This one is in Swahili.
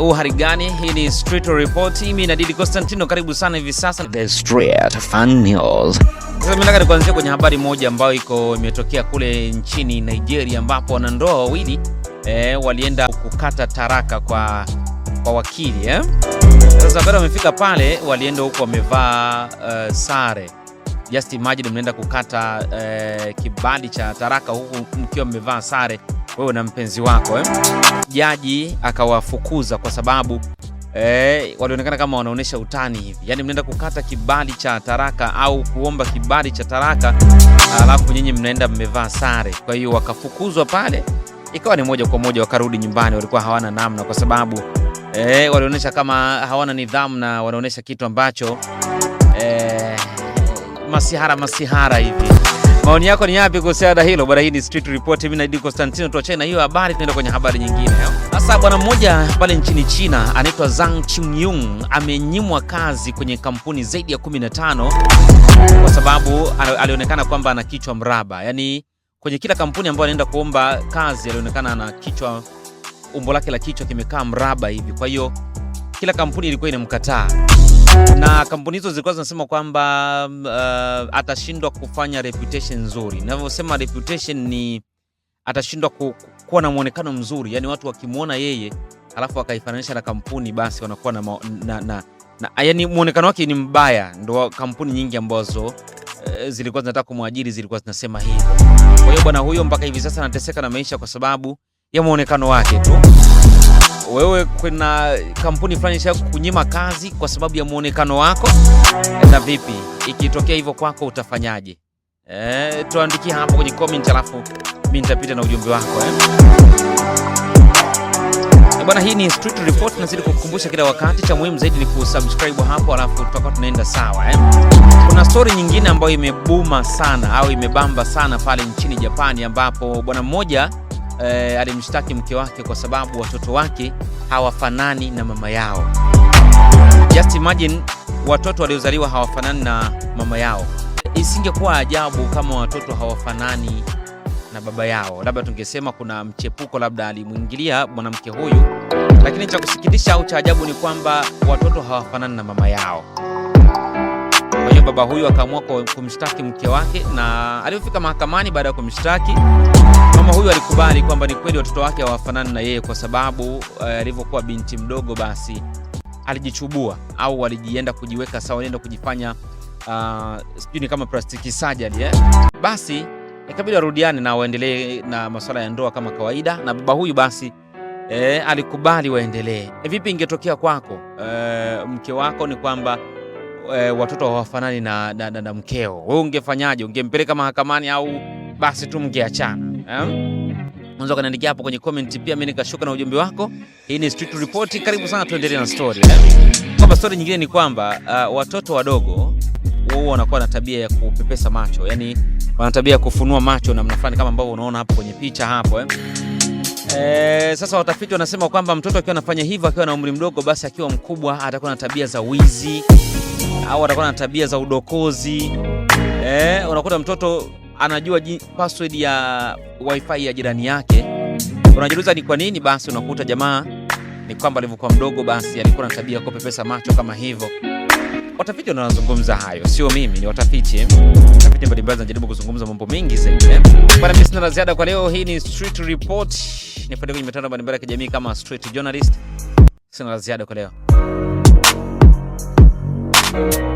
u hali gani? Hii ni Street Report, mimi na Didi Constantino, karibu sana hivi sasa The Street Fun News. Sasa nataka nikuanzia kwenye habari moja ambayo iko imetokea kule nchini Nigeria, ambapo wanandoa wawili eh, walienda kukata taraka kwa kwa wakili eh. Sasa baada wamefika pale, walienda huko wamevaa uh, sare. Just imagine mnaenda kukata uh, kibali cha taraka huku mkiwa mmevaa sare wewe na mpenzi wako eh? Jaji akawafukuza kwa sababu eh, walionekana kama wanaonyesha utani hivi, yaani mnaenda kukata kibali cha taraka au kuomba kibali cha taraka, alafu nyinyi mnaenda mmevaa sare. Kwa hiyo wakafukuzwa pale, ikawa ni moja kwa moja wakarudi nyumbani, walikuwa hawana namna kwa sababu eh, walionyesha kama hawana nidhamu na wanaonyesha kitu ambacho eh, masihara masihara hivi. Maoni yako ni yapi kuhusiana hilo bwana? Hii ni Street Report, mimi naidi Constantino tuachane na hiyo habari, tunaenda kwenye habari nyingine. Eh? Sasa bwana mmoja pale nchini China anaitwa Zhang Qingyun amenyimwa kazi kwenye kampuni zaidi ya 15 kwa sababu alionekana kwamba ana kichwa mraba, yaani kwenye kila kampuni ambayo anaenda kuomba kazi alionekana ana kichwa, umbo lake la kichwa kimekaa mraba hivi, kwa hiyo kila kampuni ilikuwa inamkataa na kampuni hizo zilikuwa zinasema kwamba uh, atashindwa kufanya reputation nzuri. Ninavyosema reputation ni atashindwa ku, kuwa na mwonekano mzuri, yani watu wakimwona yeye alafu akaifananisha na kampuni basi wanakuwa na, na, na, na yani mwonekano wake ni mbaya. Ndo kampuni nyingi ambazo uh, zilikuwa zinataka kumwajiri zilikuwa zinasema hivyo. Kwa hiyo bwana huyo mpaka hivi sasa anateseka na maisha kwa sababu ya mwonekano wake tu wewe kuna kampuni fulani isha kunyima kazi kwa sababu ya muonekano wako, na vipi ikitokea hivyo kwako utafanyaje? E, eh, tuandikia hapo kwenye comment, alafu mimi nitapita na ujumbe wako eh? eh. bwana hii ni Street Report, nazidi kukukumbusha kila wakati, cha muhimu zaidi ni kusubscribe hapo, alafu tutakuwa tunaenda sawa eh. Kuna story nyingine ambayo imebuma sana au imebamba sana pale nchini Japani, ambapo bwana mmoja e, alimshtaki mke wake kwa sababu watoto wake hawafanani na mama yao. Just imagine watoto waliozaliwa hawafanani na mama yao. Isingekuwa ajabu kama watoto hawafanani na baba yao, labda tungesema kuna mchepuko, labda alimwingilia mwanamke huyu, lakini cha kusikitisha au cha ajabu ni kwamba watoto hawafanani na mama yao baba huyu akaamua kumshtaki mke wake, na alipofika mahakamani baada ya kumshtaki, mama huyu alikubali kwamba ni kweli watoto wake hawafanani na yeye, kwa sababu eh, alivyokuwa binti mdogo, basi alijichubua au alijienda kujiweka sawa, nenda kujifanya uh, sijui ni kama plastiki surgery eh, basi ikabidi arudiane na waendelee na masuala ya ndoa kama kawaida, na baba huyu basi eh, alikubali waendelee. E, vipi ingetokea kwako, e, mke wako ni kwamba e, watoto hawafanani na, na, na, na mkeo, wewe ungefanyaje? Ungempeleka mahakamani au basi tu mngeachana eh? Unaweza kaniandikia hapo kwenye comment pia, mimi nikashuka na ujumbe wako. Hii ni Street Report, karibu sana, tuendelee na story eh? Kwamba story nyingine ni kwamba uh, watoto wadogo wao wanakuwa na tabia ya kupepesa macho, yani wana tabia ya kufunua macho namna fulani, kama ambavyo unaona hapo kwenye picha hapo eh? E, sasa watafiti wanasema kwamba mtoto akiwa anafanya hivyo akiwa na umri mdogo, basi akiwa mkubwa atakuwa na tabia za wizi au watakuwa na tabia za udokozi eh, unakuta mtoto anajua password ya wifi ya jirani yake. Unajiuliza ni kwa nini? Basi unakuta jamaa ni kwamba alivyokuwa mdogo, basi alikuwa na tabia kope pesa macho kama hivyo. Watafiti wanazungumza hayo, sio mimi, ni watafiti. Watafiti mbalimbali wanajaribu kuzungumza mambo mengi zaidi. Bwana, mimi sina la ziada kwa leo. Hii ni Street Report, nipate kwenye mitandao mbalimbali ya kijamii kama Street Journalist. Sina la ziada kwa leo. Thank you.